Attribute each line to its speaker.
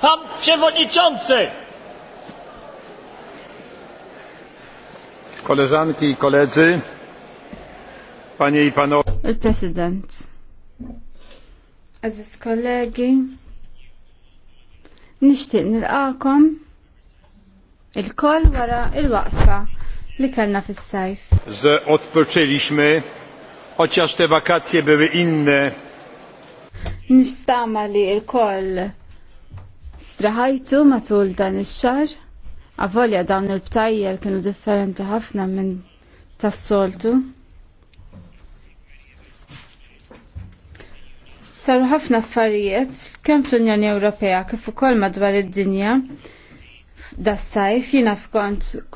Speaker 1: Pan Przewodniczący!
Speaker 2: Koleżanki i koledzy, Panie i Panowie.
Speaker 3: Prezydent. Aziz kolegi. nishtiq nilqakom il-koll wara il-waqfa li kellna fis-sajf.
Speaker 4: Że odpoczęliśmy, chociaż te wakacje były inne.
Speaker 3: Nistama li il-koll straħajtu matul dan ix-xar, avolja dawn il-btajjel kienu differenti ħafna minn tas-soltu. Saru ħafna affarijiet kemm fl-Unjoni Ewropea kif ukoll madwar id-dinja das-sajf jiena fkont